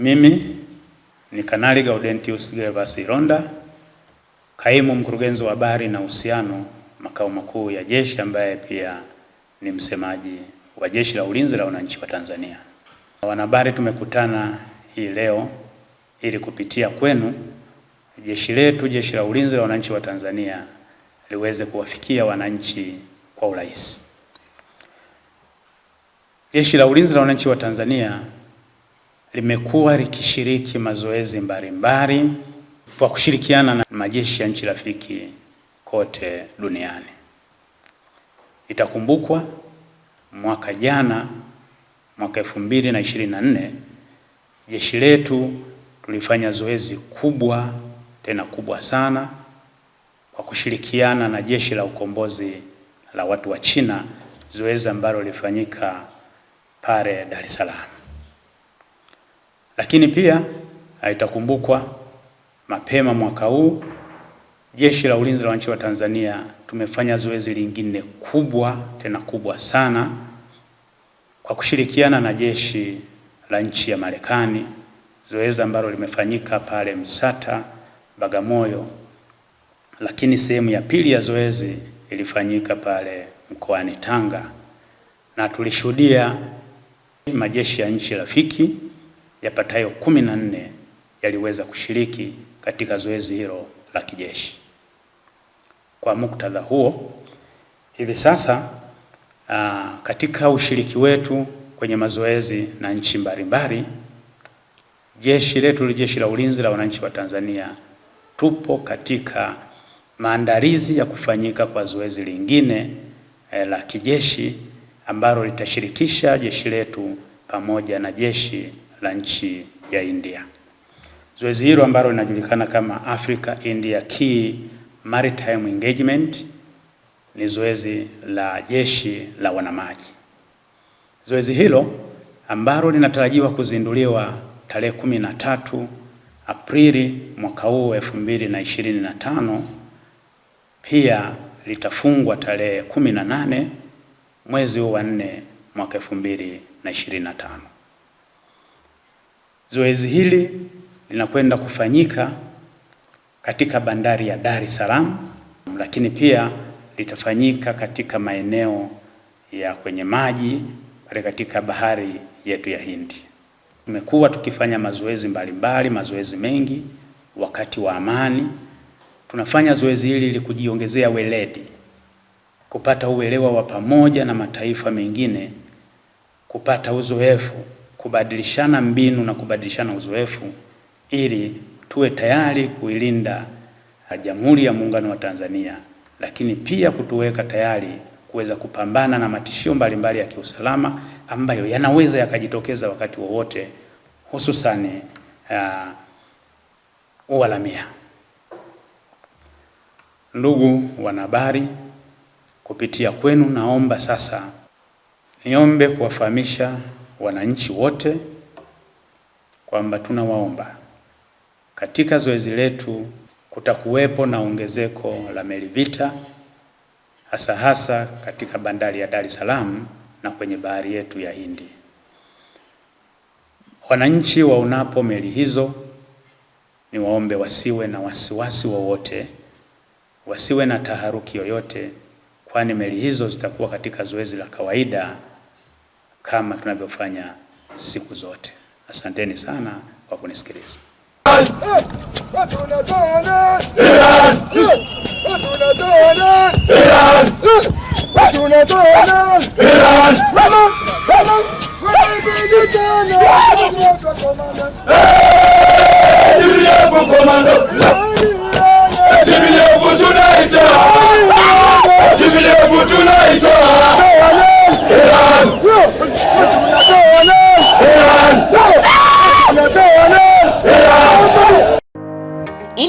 Mimi ni Kanali Gaudentius Gervas Ilonda Kaimu mkurugenzi wa habari na uhusiano makao makuu ya jeshi ambaye pia ni msemaji wa Jeshi la Ulinzi la Wananchi wa Tanzania. Wanahabari, tumekutana hii leo ili kupitia kwenu jeshi letu, Jeshi la Ulinzi la Wananchi wa Tanzania liweze kuwafikia wananchi kwa urahisi. Jeshi la Ulinzi la Wananchi wa Tanzania limekuwa likishiriki mazoezi mbalimbali kwa kushirikiana na majeshi ya nchi rafiki kote duniani. Itakumbukwa mwaka jana, mwaka elfu mbili na ishirini na nne jeshi letu tulifanya zoezi kubwa tena kubwa sana kwa kushirikiana na jeshi la ukombozi la watu wa China, zoezi ambalo lilifanyika pale Dar es Salaam. Lakini pia haitakumbukwa mapema mwaka huu Jeshi la Ulinzi la Wananchi wa Tanzania tumefanya zoezi lingine kubwa tena kubwa sana kwa kushirikiana na jeshi la nchi ya Marekani, zoezi ambalo limefanyika pale Msata, Bagamoyo, lakini sehemu ya pili ya zoezi ilifanyika pale mkoani Tanga, na tulishuhudia majeshi ya nchi rafiki yapatayo kumi na nne yaliweza kushiriki katika zoezi hilo la kijeshi. Kwa muktadha huo, hivi sasa a, ah, katika ushiriki wetu kwenye mazoezi na nchi mbalimbali, jeshi letu ni Jeshi la Ulinzi la Wananchi wa Tanzania, tupo katika maandalizi ya kufanyika kwa zoezi lingine e, la kijeshi ambalo litashirikisha jeshi letu pamoja na jeshi la nchi ya India. Zoezi hilo ambalo linajulikana kama Africa India Key Maritime Engagement ni zoezi la jeshi la wanamaji. Zoezi hilo ambalo linatarajiwa kuzinduliwa tarehe kumi na tatu Aprili mwaka huu elfu mbili na ishirini na tano pia litafungwa tarehe kumi na nane mwezi huu wa nne mwaka elfu mbili na ishirini na tano. Zoezi hili linakwenda kufanyika katika bandari ya Dar es Salaam, lakini pia litafanyika katika maeneo ya kwenye maji pale katika bahari yetu ya Hindi. Tumekuwa tukifanya mazoezi mbalimbali, mazoezi mengi wakati wa amani. Tunafanya zoezi hili ili kujiongezea weledi, kupata uelewa wa pamoja na mataifa mengine, kupata uzoefu, kubadilishana mbinu na kubadilishana uzoefu ili tuwe tayari kuilinda ah, Jamhuri ya Muungano wa Tanzania, lakini pia kutuweka tayari kuweza kupambana na matishio mbalimbali ya kiusalama ambayo yanaweza yakajitokeza wakati wowote, hususani uh, ah, uharamia. Ndugu wanahabari, kupitia kwenu naomba sasa niombe kuwafahamisha wananchi wote kwamba tunawaomba katika zoezi letu kutakuwepo na ongezeko la meli vita hasa hasa katika bandari ya Dar es Salaam na kwenye bahari yetu ya Hindi. Wananchi waonapo meli hizo, ni waombe wasiwe na wasiwasi wowote, wasiwe na taharuki yoyote, kwani meli hizo zitakuwa katika zoezi la kawaida kama tunavyofanya siku zote. Asanteni sana kwa kunisikiliza. Iran. Iran. Iran. Iran. Iran. Iran. Iran. Iran.